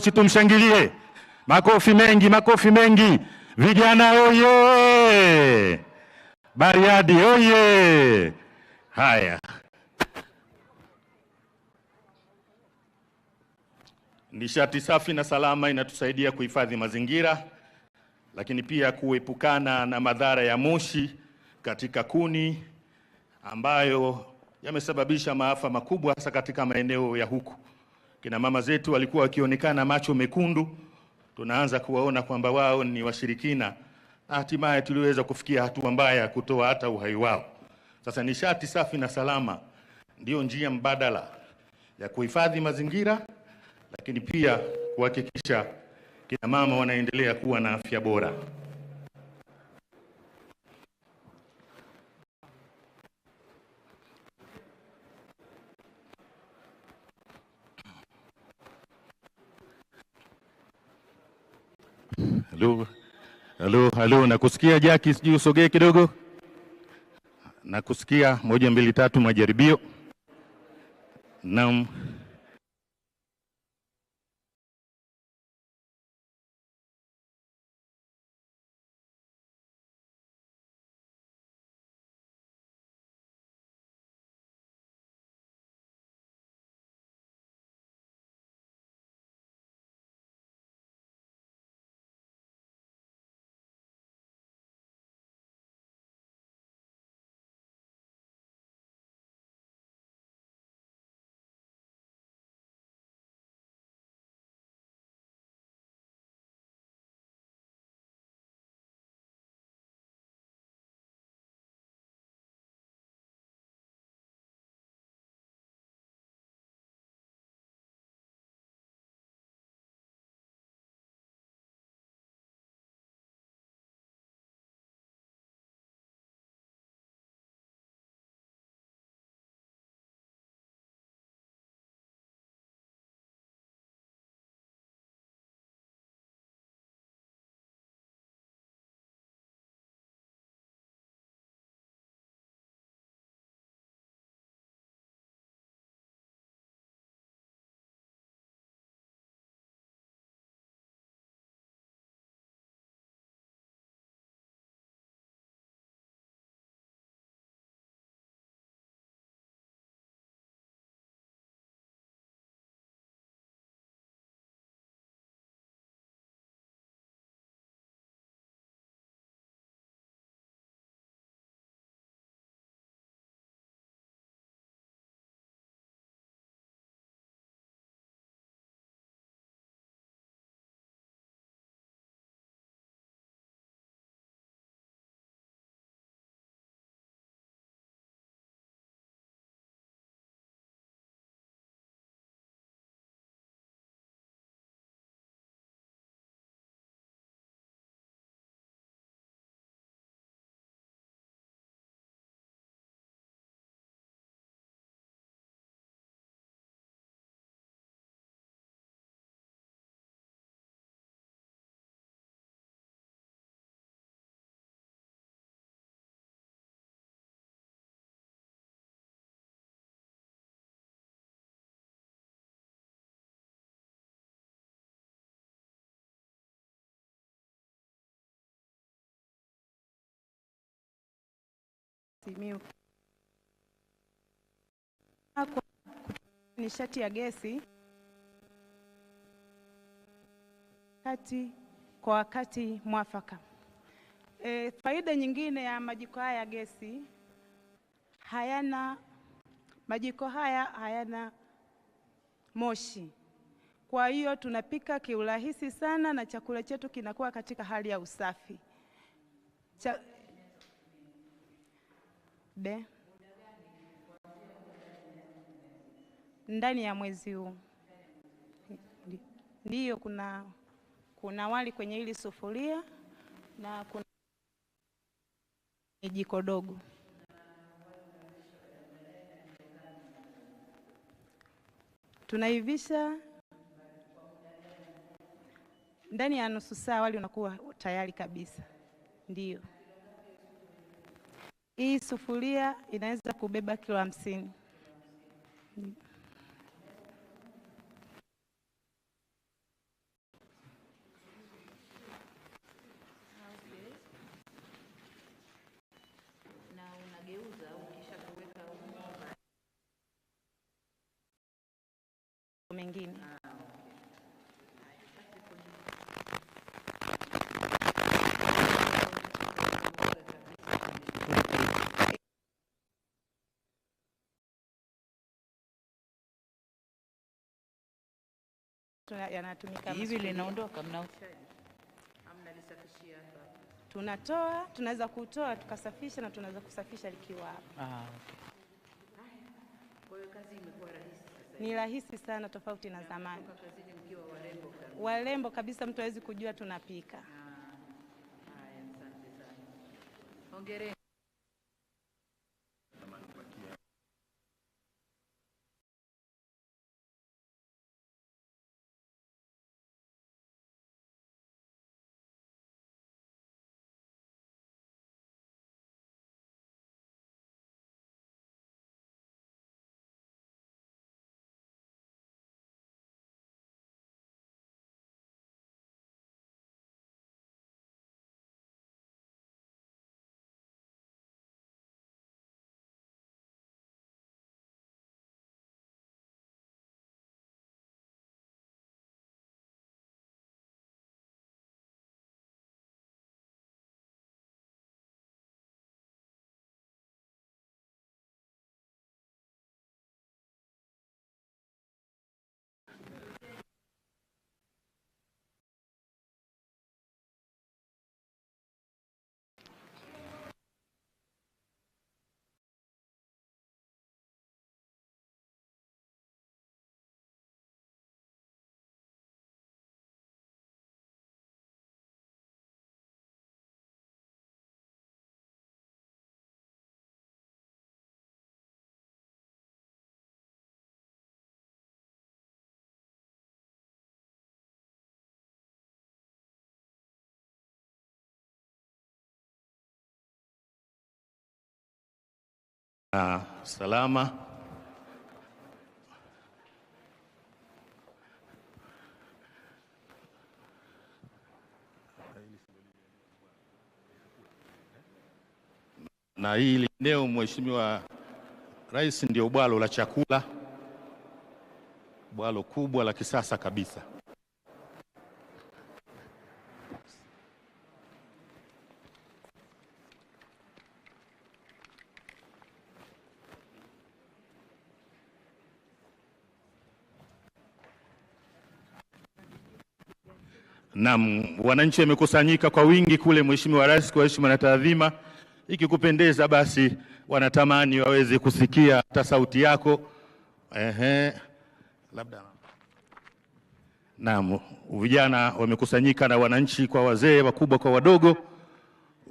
Tumshangilie, makofi mengi, makofi mengi. Vijana oye! Bariadi oye! Haya, nishati safi na salama inatusaidia kuhifadhi mazingira, lakini pia kuepukana na madhara ya moshi katika kuni ambayo yamesababisha maafa makubwa hasa katika maeneo ya huku Kina mama zetu walikuwa wakionekana macho mekundu, tunaanza kuwaona kwamba wao ni washirikina. Hatimaye tuliweza kufikia hatua mbaya ya kutoa hata uhai wao. Sasa nishati safi na salama ndiyo njia mbadala ya kuhifadhi mazingira, lakini pia kuhakikisha kina mama wanaendelea kuwa na afya bora. Kidogo. Halo, halo, nakusikia Jaki, sijui usogee kidogo. Nakusikia moja, mbili, tatu, majaribio. Naam. nishati ya gesi kati kwa wakati mwafaka. E, faida nyingine ya majiko haya ya gesi hayana majiko haya hayana moshi, kwa hiyo tunapika kiurahisi sana na chakula chetu kinakuwa katika hali ya usafi Cha, be ndani ya mwezi huu ndiyo, kuna kuna wali kwenye hili sufuria na kuna jiko dogo. Tunaivisha ndani ya nusu saa, wali unakuwa tayari kabisa. Ndiyo. Hii sufuria inaweza kubeba kilo hamsini. yanatumika hivi, linaondoka mnaoshaji tunatoa tunaweza kutoa tukasafisha na tunaweza kusafisha likiwa hapa. Ah, okay. Kazi imekuwa rahisi sasa. Ni rahisi sana tofauti na zamani. Warembo kabisa, warembo kabisa mtu hawezi kujua tunapika. Ah, Hongereni. Ah, na usalama. Na hili eneo Mheshimiwa Rais, ndio bwalo la chakula, bwalo kubwa la kisasa kabisa. Naam, wananchi wamekusanyika kwa wingi kule, Mheshimiwa Rais, kwa heshima na taadhima. Ikikupendeza basi, wanatamani waweze kusikia hata sauti yako. Ehe, labda naam, vijana wamekusanyika na wananchi kwa wazee, wakubwa kwa wadogo,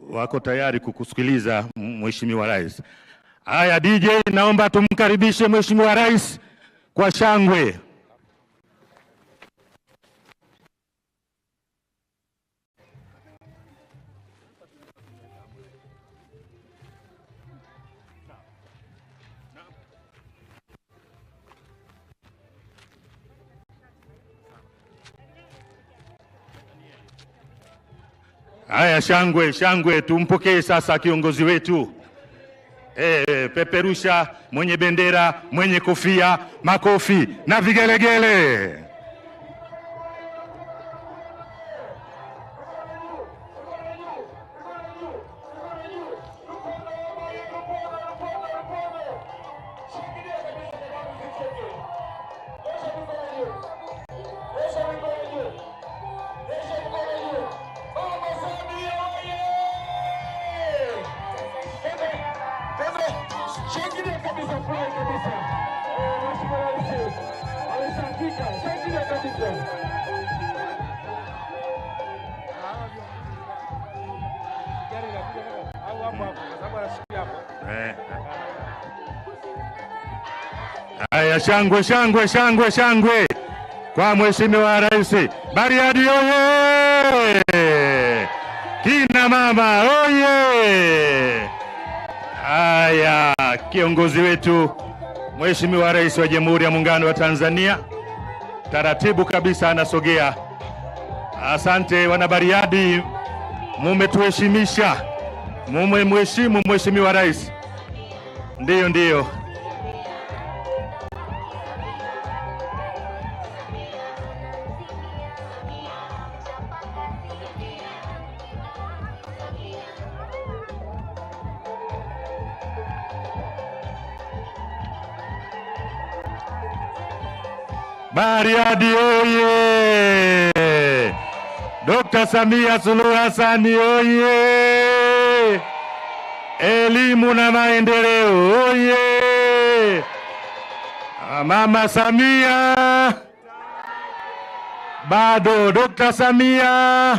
wako tayari kukusikiliza Mheshimiwa Rais. Haya, DJ, naomba tumkaribishe Mheshimiwa Rais kwa shangwe. Haya, shangwe shangwe, tumpokee sasa kiongozi wetu. E, e, peperusha mwenye bendera, mwenye kofia, makofi na vigelegele. Haya, shangwe shangwe shangwe shangwe kwa Mheshimiwa Rais Bariadi oye! Kina mama oye! Haya, kiongozi wetu Mheshimiwa Rais wa Jamhuri ya Muungano wa Tanzania taratibu kabisa anasogea. Asante Wanabariadi, mumetuheshimisha, mumemheshimu Mheshimiwa Rais. Ndiyo, ndiyo. Bariadi oye! Dkt. Samia Suluhu Hassan oye! Elimu na maendeleo oye! Ah, Mama Samia bado, dokta Samia.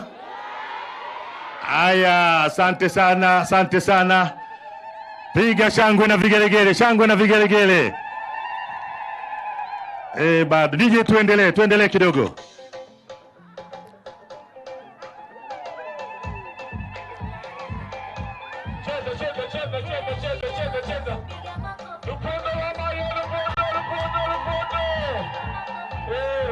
aya asante sana, asante sana. Piga shangwe na vigelegele, shangwe na vigelegele. Eh, bado DJ, tuendelee tuendelee kidogo. Hey!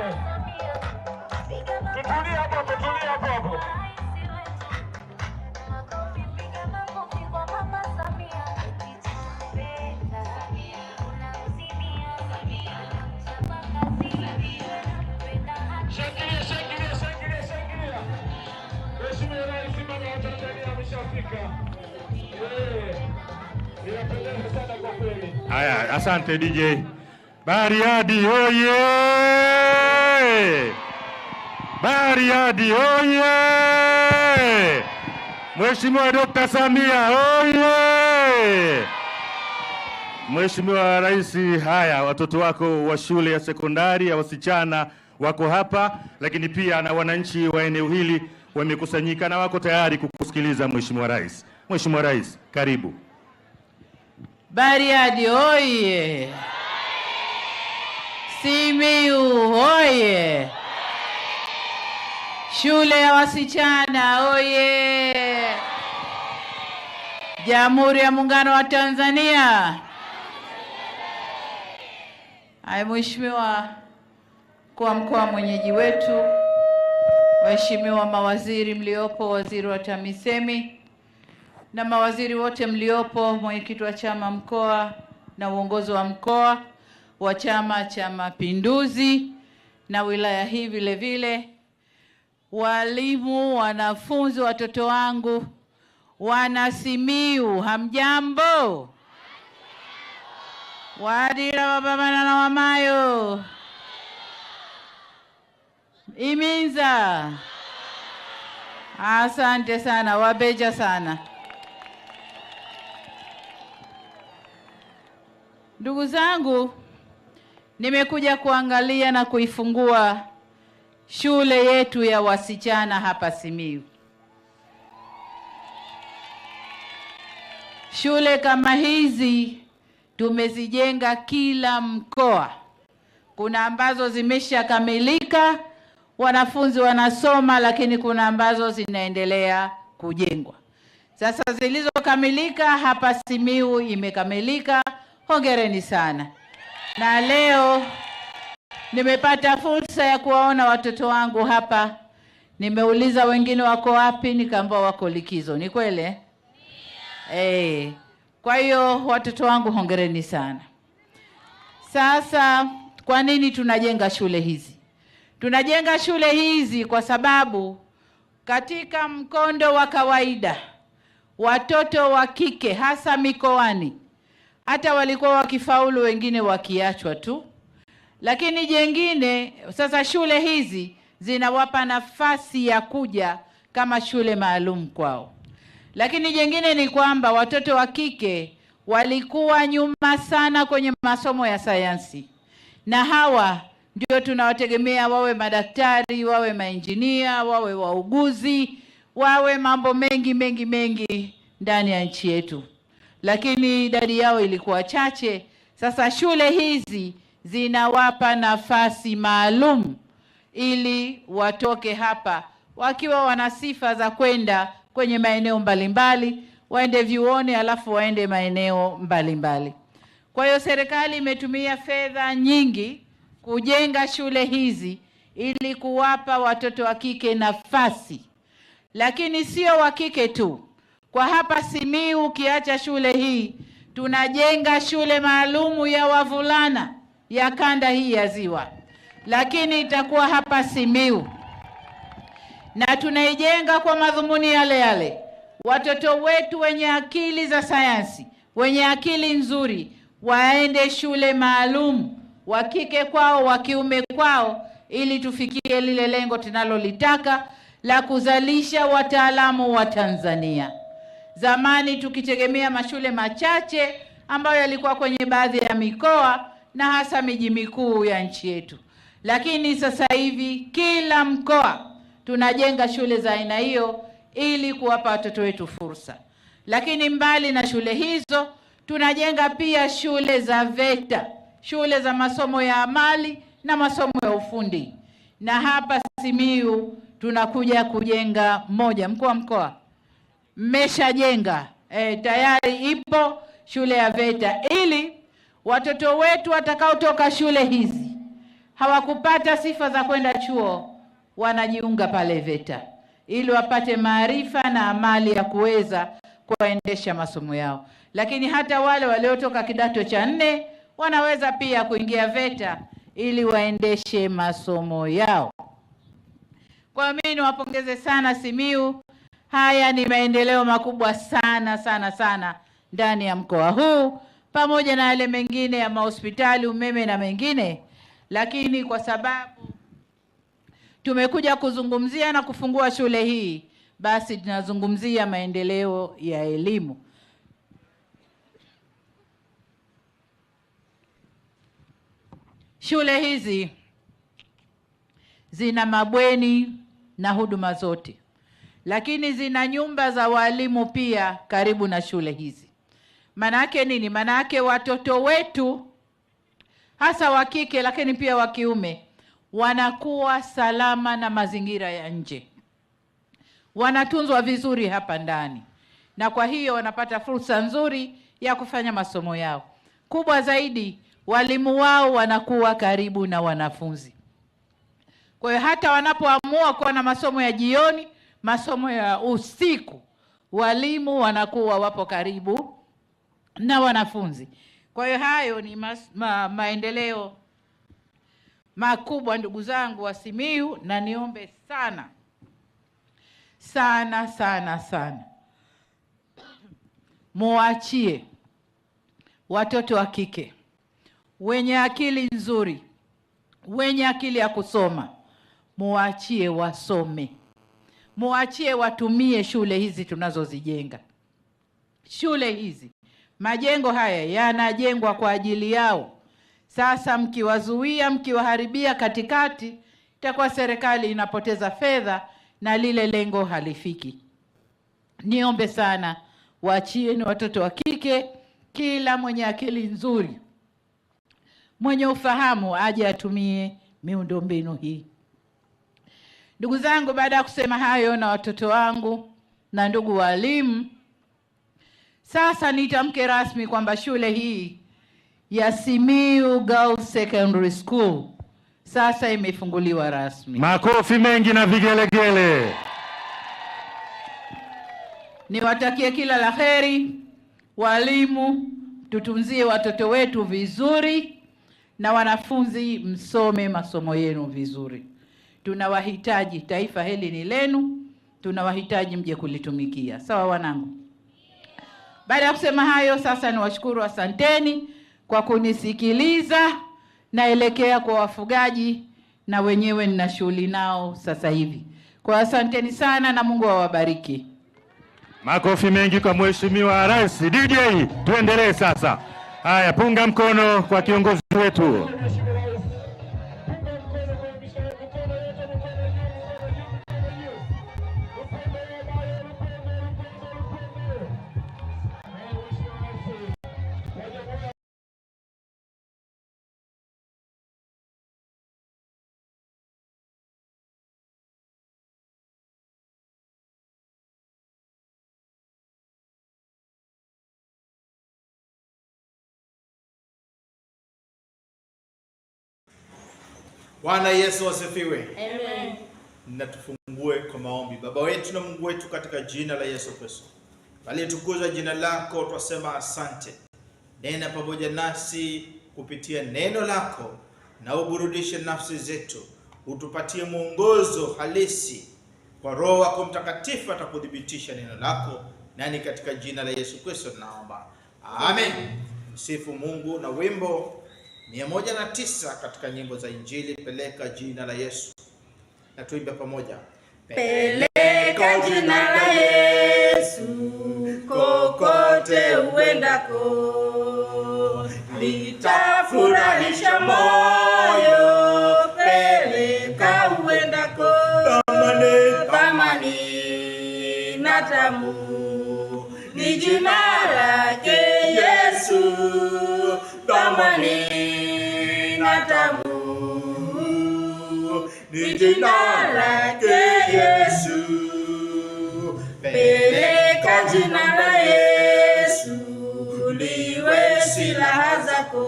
Haya, asante DJ. Bariadi oye! Bariadi oye! Mheshimiwa Dr. Samia oye! Mheshimiwa Rais, haya watoto wako wa shule ya sekondari ya wasichana wako hapa, lakini pia na wananchi wa eneo hili wamekusanyika na wako tayari kukusikiliza Mheshimiwa Rais. Mheshimiwa Rais, karibu. Bariadi oye! Simiu oye! Shule ya wasichana oye! Jamhuri ya Muungano wa Tanzania. Haya, Mheshimiwa wa Mkoa, mwenyeji wetu waheshimiwa mawaziri mliopo, waziri wa TAMISEMI na mawaziri wote mliopo, mwenyekiti wa chama mkoa na uongozi wa mkoa wa Chama cha Mapinduzi na wilaya hii vile vile, walimu, wanafunzi, watoto wangu wanasimiu, hamjambo? wa wababana na wamayo Iminza. Asante sana, wabeja sana. Ndugu zangu, nimekuja kuangalia na kuifungua shule yetu ya wasichana hapa Simiyu. Shule kama hizi tumezijenga kila mkoa. Kuna ambazo zimeshakamilika wanafunzi wanasoma, lakini kuna ambazo zinaendelea kujengwa. Sasa zilizokamilika hapa Simiu imekamilika, hongereni sana. Na leo nimepata fursa ya kuwaona watoto wangu hapa. Nimeuliza wengine wako wapi, nikaambiwa wako likizo. Ni kweli eh? eh? Kwa hiyo watoto wangu hongereni sana. Sasa kwa nini tunajenga shule hizi? Tunajenga shule hizi kwa sababu katika mkondo wa kawaida watoto wa kike hasa mikoani hata walikuwa wakifaulu, wengine wakiachwa tu. Lakini jengine sasa, shule hizi zinawapa nafasi ya kuja kama shule maalum kwao. Lakini jengine ni kwamba watoto wa kike walikuwa nyuma sana kwenye masomo ya sayansi na hawa ndio tunawategemea wawe madaktari, wawe mainjinia, wawe wauguzi, wawe mambo mengi mengi mengi ndani ya nchi yetu, lakini idadi yao ilikuwa chache. Sasa shule hizi zinawapa nafasi maalum ili watoke hapa wakiwa wana sifa za kwenda kwenye maeneo mbalimbali, waende vyuoni alafu waende maeneo mbalimbali. Kwa hiyo serikali imetumia fedha nyingi kujenga shule hizi ili kuwapa watoto wa kike nafasi, lakini sio wa kike tu. Kwa hapa Simiyu, ukiacha shule hii, tunajenga shule maalumu ya wavulana ya kanda hii ya Ziwa, lakini itakuwa hapa Simiyu na tunaijenga kwa madhumuni yale yale, watoto wetu wenye akili za sayansi, wenye akili nzuri waende shule maalum wa kike kwao, wa kiume kwao, ili tufikie lile lengo tunalolitaka la kuzalisha wataalamu wa Tanzania. Zamani tukitegemea mashule machache ambayo yalikuwa kwenye baadhi ya mikoa na hasa miji mikuu ya nchi yetu, lakini sasa hivi kila mkoa tunajenga shule za aina hiyo ili kuwapa watoto wetu fursa. Lakini mbali na shule hizo, tunajenga pia shule za VETA shule za masomo ya amali na masomo ya ufundi. Na hapa Simiyu tunakuja kujenga moja. Mkuu wa mkoa, mmeshajenga e, tayari ipo shule ya VETA ili watoto wetu watakaotoka shule hizi hawakupata sifa za kwenda chuo, wanajiunga pale VETA ili wapate maarifa na amali ya kuweza kuwaendesha masomo yao. Lakini hata wale waliotoka kidato cha nne wanaweza pia kuingia VETA ili waendeshe masomo yao. Kwa mimi niwapongeze sana Simiyu. Haya ni maendeleo makubwa sana sana sana ndani ya mkoa huu, pamoja na yale mengine ya mahospitali, umeme na mengine, lakini kwa sababu tumekuja kuzungumzia na kufungua shule hii, basi tunazungumzia maendeleo ya elimu. Shule hizi zina mabweni na huduma zote, lakini zina nyumba za walimu pia karibu na shule hizi. Maanake nini? Maanake watoto wetu hasa wa kike, lakini pia wa kiume wanakuwa salama na mazingira ya nje, wanatunzwa vizuri hapa ndani, na kwa hiyo wanapata fursa nzuri ya kufanya masomo yao. Kubwa zaidi walimu wao wanakuwa karibu na wanafunzi. Kwa hiyo hata wanapoamua kuwa na masomo ya jioni, masomo ya usiku, walimu wanakuwa wapo karibu na wanafunzi. Kwa hiyo hayo ni mas, ma, maendeleo makubwa ndugu zangu wa Simiyu, na niombe sana sana sana sana muachie watoto wa kike wenye akili nzuri, wenye akili ya kusoma, muachie wasome, muachie watumie shule hizi tunazozijenga. Shule hizi, majengo haya yanajengwa kwa ajili yao. Sasa mkiwazuia, mkiwaharibia katikati, itakuwa serikali inapoteza fedha na lile lengo halifiki. Niombe sana, waachieni watoto wa kike, kila mwenye akili nzuri mwenye ufahamu aje atumie miundombinu hii. Ndugu zangu, baada ya kusema hayo na watoto wangu na ndugu walimu, sasa nitamke rasmi kwamba shule hii ya Simiyu Girls Secondary School sasa imefunguliwa rasmi. Makofi mengi na vigelegele. Niwatakie kila la heri walimu, tutunzie watoto wetu vizuri na wanafunzi msome masomo yenu vizuri. Tunawahitaji, taifa hili ni lenu, tunawahitaji mje kulitumikia. Sawa wanangu? Baada ya kusema hayo, sasa niwashukuru, asanteni kwa kunisikiliza. Naelekea kwa wafugaji, na wenyewe nina shughuli nao sasa hivi. Kwa asanteni sana na Mungu awabariki. Makofi mengi kwa Mheshimiwa Rais. DJ, tuendelee sasa. Haya, punga mkono kwa kiongozi wetu. Bwana Yesu asifiwe. Amen. Na tufungue kwa maombi. Baba wetu na Mungu wetu, katika jina la Yesu Kristo, palitukuzwa jina lako, twasema asante. Nena pamoja nasi kupitia neno lako, na uburudishe nafsi zetu, utupatie mwongozo halisi kwa Roho wako Mtakatifu atakudhibitisha neno lako, nani katika jina la Yesu Kristo tunaomba, amen. Msifu Mungu na wimbo 109 katika nyimbo za Injili. Peleka jina la Yesu, na tuimbe pamoja. Peleka jina la Yesu kokote uendako, litafurahisha moyo. Peleka uendako, thamani na tamu ni jina lake Yesu, thamani Ni lake Yesu, peleka jina la Yesu liwe silaha zako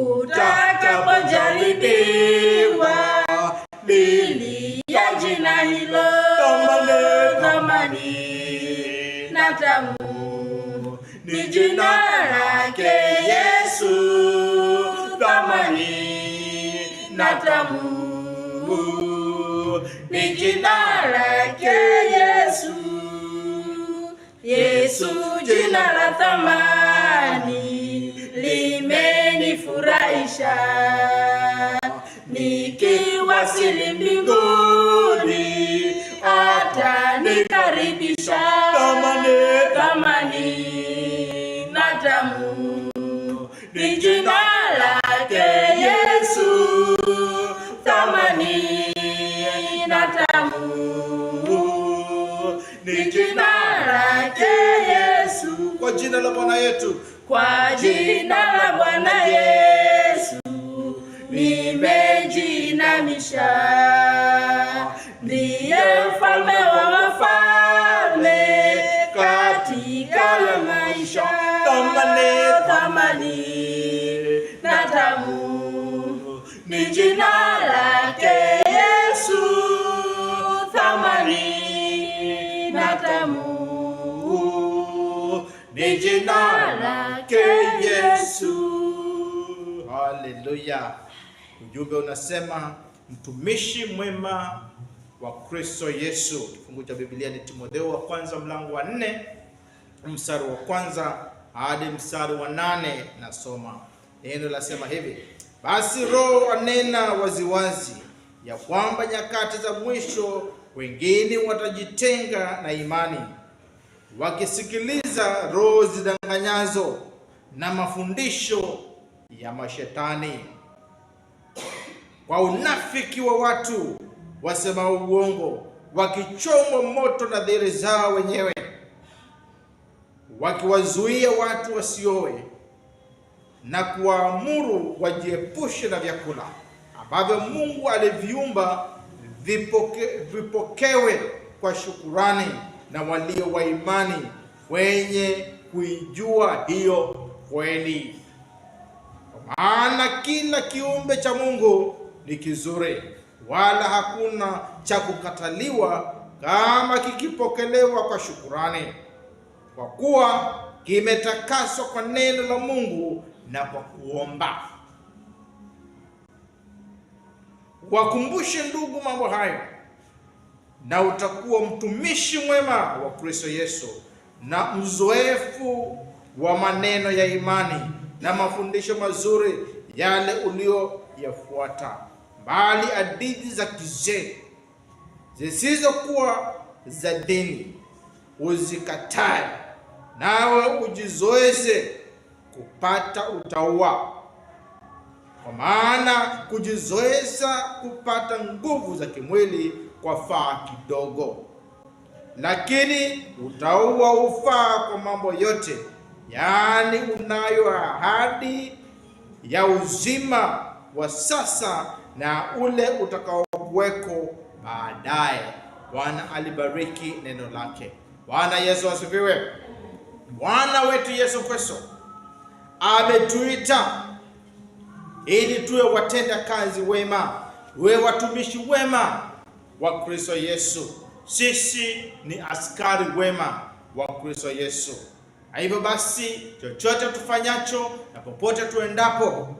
utakapojaribiwa, lilia jina hilo thamani na tamu, ni lake Yesu. na ni jina lake Yesu. Yesu jina la thamani limenifurahisha, nikiwasili mbinguni atanikaribisha ni jina lake Yesu, kwa jina la Bwana yetu, kwa jina la Bwana Yesu nimejinamisha, ndiye mfalme wa wafalme katika maisha, thamani jina ke Yesu. Haleluya! Ujumbe unasema mtumishi mwema wa Kristo Yesu. Kifungu cha Biblia ni Timotheo wa kwanza mlango wa nne mstari wa kwanza hadi mstari wa nane. Nasoma neno lasema hivi: basi Roho anena waziwazi ya kwamba nyakati za mwisho wengine watajitenga na imani wakisikiliza roho zidanganyazo na mafundisho ya mashetani kwa unafiki wa watu wasema uongo, wakichomwa moto na dhiri zao wenyewe, wakiwazuia watu wasioe na kuwaamuru wajiepushe na vyakula ambavyo Mungu aliviumba vipoke, vipokewe kwa shukurani na walio wa imani wenye kuijua hiyo kweli, kwa maana kila kiumbe cha Mungu ni kizuri, wala hakuna cha kukataliwa kama kikipokelewa kwa shukurani, kwa kuwa kimetakaswa kwa neno la Mungu na kwa kuomba. Wakumbushe ndugu mambo hayo na utakuwa mtumishi mwema wa Kristo Yesu na mzoefu wa maneno ya imani na mafundisho mazuri yale uliyoyafuata, bali hadithi za kizee zisizokuwa za dini uzikatae, nawe ujizoeze kupata utauwa. Kwa maana kujizoeza kupata nguvu za kimwili faa kidogo, lakini utaua ufaa kwa mambo yote, yaani unayo ahadi ya uzima wa sasa na ule utakaokuweko baadaye. Bwana alibariki neno lake. Bwana Yesu asifiwe. Bwana wetu Yesu Kristo ametuita ili tuwe watenda kazi wema, tuwe watumishi wema wa Kristo Yesu. Sisi ni askari wema wa Kristo Yesu. Na hivyo basi, chochote tufanyacho na popote tuendapo